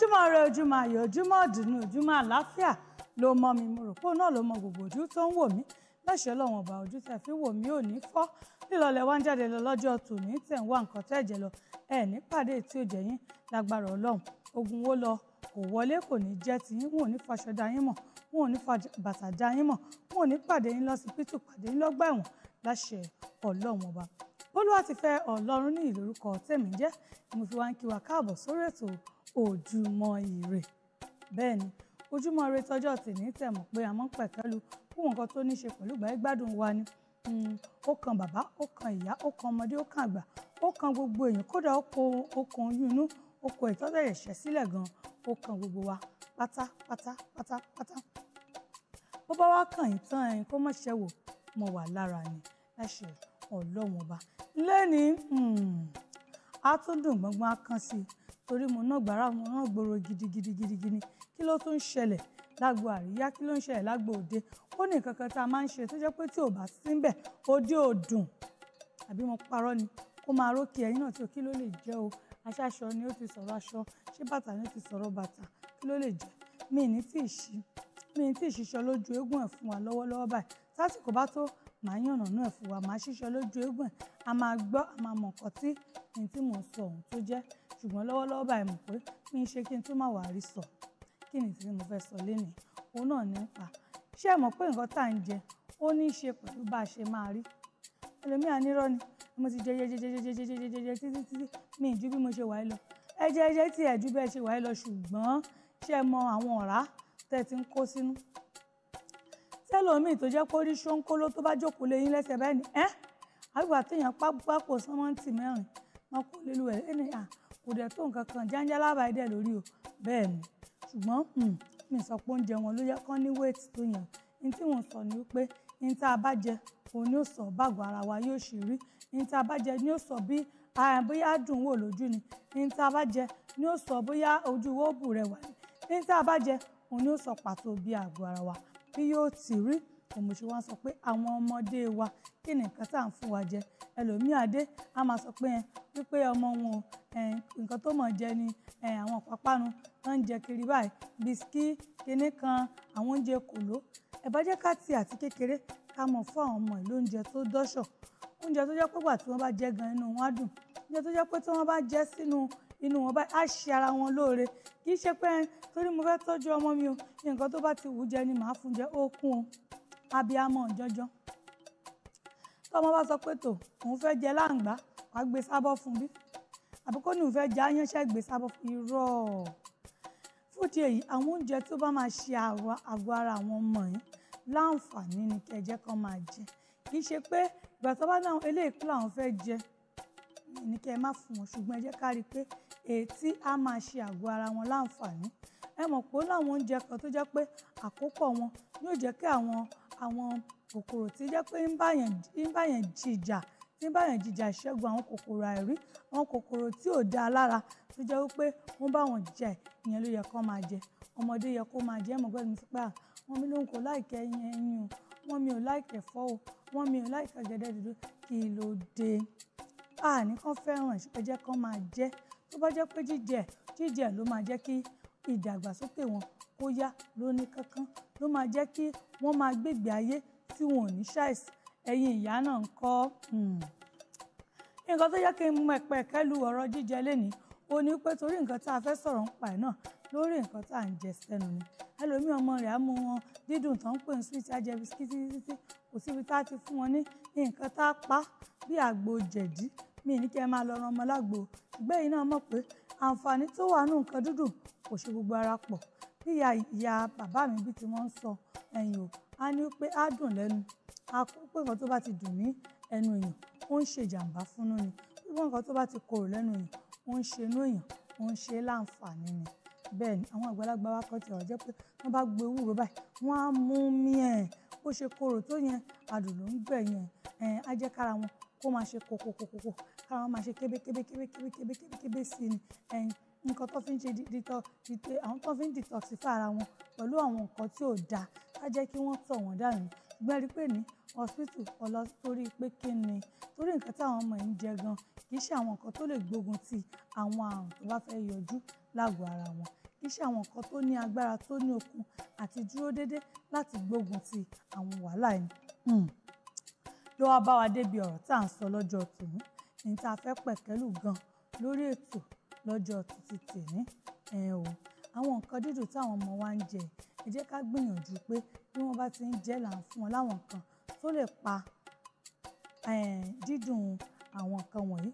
ojúmọ́ rẹ ojúmọ́ ayọ̀ ojúmọ́ dùnú ojúmọ́ àlàáfíà ló mọ mi mo rò pé náà ló mọ gbogbo ojú tó ń wò mí lọ́sẹ̀ lọ́wọ́n ọba ojú tẹ̀ fi wò mí ò ní fọ́ lílọlẹ̀ wá ń jáde lọ lọ́jọ́ tòní tẹ̀ ń wá nǹkan tẹ́ jẹ lọ ẹ̀ ní pàdé tí ó jẹ yín lágbára ọlọ́run ogun wo lọ kò wọlé kò ní jẹ́ ti yín wọn ò ní faṣọ da yín mọ̀ wọn ò ní fa bàtà da yín mọ̀ wọn ò ní pàdé yín lọ́sibítù pàdé yín lọ́gbà ẹ̀wọ̀n láṣẹ ọlọ́run ọba Bólúwatifẹ́ Ọlọ́run ní ìlórúkọ tèmi jẹ́ mo fi wá ń kí wa káàbọ̀ sórí ètò ojúmọ́ ire bẹ́ẹ̀ ni ojúmọ́ ire tọjọ́ tìní tẹ̀mọ̀ pé àmọ́ pẹ̀kẹ́lu fún nǹkan tó ní ṣe pẹ̀lú ìgbà ìgbádùn wa ni hmm, ó kan bàbá ó kan ìyá ó kan ọmọdé ó kan àgbà ó kan gbogbo èèyàn kódà ó kó okùn oyún inú ó kó ìtọ́jú ẹ̀ṣẹ̀ sílẹ̀ gan ó kan gbogbo wa pátápátá pátápátá bó bá wá kàn yín tán ẹ̀yin kó má ṣe wò mo wà lára ni láṣẹ ọlọ́wọ́n ọba lẹ́ni àtúndùn hmm, gbọ́ngbọ́n á kàn sí i torí mo náà gbàrà mo náà gbòòrò gidigidi gidigidi kí ló tún ń ṣẹlẹ̀ lágbo àríyá kí ló ń ṣẹlẹ̀ lágbo òde ó ní nǹkan tá a máa ń ṣe tó jẹ́ pé tí ò bá sí ń òde ò dùn àbí mo parọ́ ni kó máa rókè ẹ̀yìn náà tí o kí ló lè jẹ́ o aṣáṣọ ni ó ti sọ̀rọ̀ aṣọ ṣé bàtà ni ó ti sọ̀rọ̀ bàtà kí ló lè jẹ́ mi ní tí ì ṣí mi ní tí ì ṣiṣọ́ lójú eégún ẹ̀ fún wa lọ́wọ́lọ́wọ́ báyìí tásìkò bá tó màá yànnà náà fún wa màá ṣíṣọ lójú eégún ẹ̀ a máa gbọ́ a máa mọ̀ nǹkan tí ní tí mò ń sọ ohun tó jẹ́ ṣùgbọ́n lọ́wọ́lọ́wọ́ báyìí mọ̀ pé kí n ṣe kí n tún máa wà rí sọ kí ni tí mo fẹ́ sọ lénìí òun náà nípa ṣé ẹ mọ̀ pé nǹkan tá à ń jẹ ó ní í ṣe pẹ̀lú bá a ṣe máa rí ẹlòmíà nírọ́ ni mo ti jẹ jẹjẹjẹjẹjẹjẹjẹjẹ títí títí mi ì ju bí mo ṣe wà á lọ ẹjẹ ẹjẹ tí ẹ ju bẹ́ẹ̀ ṣe wà á lọ ṣùgbọ́n ṣé ẹ mọ̀ àwọn ọ̀rá tẹ́ ti ń kó sínú tẹ́lọ̀mí tó jẹ́ kó rí ṣóńkóló tó bá jókòó lẹ́yìn lẹ́sẹ̀ bẹ́ẹ̀ ni ẹ́ àgbà téèyàn pápákọ̀ sọ́mọ́ǹtì mẹ́rin wọn kò lè lu ẹ̀ ẹni à kò dẹ̀ tó nǹkan kan jáńjá lábàá dẹ̀ lórí o bẹ́ẹ̀ ni ṣùgbọ́n hmm, mi sọ pé oúnjẹ wọn ló yẹ kán ní wéètì tó yàn ní tí wọ́n sọ ni pé ní tá a bá jẹ òun ni ó sọ báàgọ̀ ara wa yóò ṣe rí ní tá a bá jẹ ni ó sọ bí bóyá dùn wò lójú ni ní tá a bá jẹ ni ó sọ bóyá ojú wo bù rẹwà ni ní tá a bá jẹ òun ni ó sọ pàtó bí àgọ́ ara wa bí yóò ti rí òun mo sọ pé àwọn ọmọdé wa kí ni tá à ń fún wa jẹ ẹlòmíì adé a máa sọ pé wípé ọmọ wọn nǹkan tó mọ̀ jẹ ni àwọn pápánu tó ń jẹ kiri báyìí bisikí kinní kan àwọn oúnjẹ kòló ẹ bá jẹ́ àti kékeré ká mọ̀ fún àwọn ọmọ ìlú oúnjẹ tó dọ́ṣọ̀ oúnjẹ tó jẹ́ pé gbà tí wọ́n bá jẹ gan inú wọn á dùn oúnjẹ tó jẹ́ pé tí wọ́n bá jẹ sínú inú wọn báyìí á ṣe ara wọn lóore kì í ṣe pé torí mo fẹ́ tọ́jú ọmọ mi o nǹkan tó bá ti wù jẹ ni màá fún jẹ ó kún o abiyamọ jọjọ tọmọ bá sọ pé tò òun fẹ́ jẹ láǹgbá wàá gbé sábọ̀ fún bí àbí kò ní òun fẹ́ jẹ ayánṣẹ́ gbé sábọ̀ fún irọ́ fúdi èyí àwọn oúnjẹ tó bá máa ṣe àgọ́ ara àwọn ọmọ yìí láǹfààní ni kẹjẹ kan máa jẹ kì í ṣe pé ìgbà tó bá dáhùn eléyìí kúlọ̀ àwọn fẹ́ jẹ ní kẹ́ má fún wọn ṣùgbọ́n ẹ jẹ́ ká rí i pé èyí tí a máa ṣe àgọ́ ara wọn láǹfààní ẹ mọ̀ pé ó láwọn oúnjẹ kan tó jẹ́ pé àkópọ̀ wọn yóò jẹ́ kí àwọn àwọn kòkòrò tí jẹ́ pé ń báyàn ń báyàn jìjà tí ń báyàn jìjà ìṣẹ́gun àwọn kòkòrò àìrí àwọn kòkòrò tí ò dáa lára tó jẹ́ wípé wọ́n bá wọn jẹ ìyẹn ló yẹ kó máa jẹ ọmọdé yẹ kó máa jẹ ẹ̀mọ́ gbọ́dọ̀ mi pé àwọn mi ló ń kó láìkẹ́ ẹyin o wọ́n mi ò láìkẹ́ ẹ̀fọ́ o wọ́n mi ò láìkẹ́ ọ̀gẹ̀dẹ̀ dúdú kí ló dé àní fẹ́ràn ẹ̀ jẹ́ kán máa jẹ́ tó bá jẹ́ pé jíjẹ jíjẹ ló máa jẹ́ kí ìdàgbàsókè wọn kó yá lóní kánkán ló máa jẹ́ kí wọ́n máa gbègbè ayé tí wọn ò ní ṣàìsàn ẹ̀yin ìyá náà ń kọ́ hmm. nǹkan tó yẹ kí n mú ẹ̀pẹ́ kẹ́lu ọ̀rọ̀ jíjẹ lénìí ó ní pé torí nǹkan tá a fẹ́ sọ̀rọ̀ ń pa ẹ̀ náà lórí nǹkan tá à ń jẹ sẹ́nu ni ẹlòmíì ọmọ rẹ̀ á mú wọn dídùn tán ń pè ní sweet ajẹ bisikíti títí kò síbi tá a ti fún wọn ní nǹkan tá a pa bí àgbo jẹ̀dí mi ní kí ẹ máa lọ ran ọmọ lágbo ìgbẹ́ yìí náà mọ̀ pé àǹfààní tó wà nù nǹkan dúdùn kò ṣe gbogbo ara pọ̀ bí ìyá bàbá mi bí tí wọ́n ń sọ ẹ̀yìn o á ní pé á dùn lẹ́nu á kó pé nǹkan tó bá ti dùn ní ẹnu èèyàn ó ń ṣe ìjàǹbá fúnnú ni gbogbo nǹkan tó bá ti korò lẹ́nu èèyàn ó ń ṣe inú èèyàn ó ń ṣe láǹfààní ni bẹ́ẹ̀ ni àwọn àgbàlagbà wa kan ti rọ̀ jẹ́ pé wọ́n bá gbé ewúro báyìí wọ́n á mú mí ẹ̀ bó ṣe korò tó yẹn adùn ló ń gbẹ̀ yẹn ẹ̀ á jẹ́ kára wọn kó máa ṣe kòkòkòkò kára máa ṣe kébékébékébékébékébé sí i ẹ̀yìn nǹkan tó fi ń ṣe dìtọ̀ àwọn tó fi ń detoxify ara wọn pẹ̀lú àwọn nǹkan tí ò dáa ká jẹ́ kí wọ́n tọ̀ wọ́n dànù ṣùgbọ́n rí pé ní hospital ọlọ torí pé kí ni torí nǹkan tí ọmọ yìí ń jẹ gan kì í ṣe àwọn nǹkan tó lè gbógun ti àwọn àrùn tó bá fẹ́ yọjú lágọ̀ọ́ ara wọn kì í ṣe àwọn nǹkan tó ní agbára tó ní okun àti dúró déédéé láti gbógun ti àwọn wàhálà yìí. Hmm ló wá bá wa débi ọ̀rọ̀ tá à ń sọ lọ́jọ́ tòní ní tá a fẹ́ pẹ̀kẹ́lù gan lórí ètò lọ́jọ́ títí tèmi ẹ o àwọn nǹkan dídùn táwọn ọmọ wa ń jẹ ẹ jẹ́ ká gbìyànjú pé bí wọ́n bá ti ń jẹ là ń fún wọn láwọn nǹkan tó lè pa dídùn àwọn nǹkan wọ̀nyí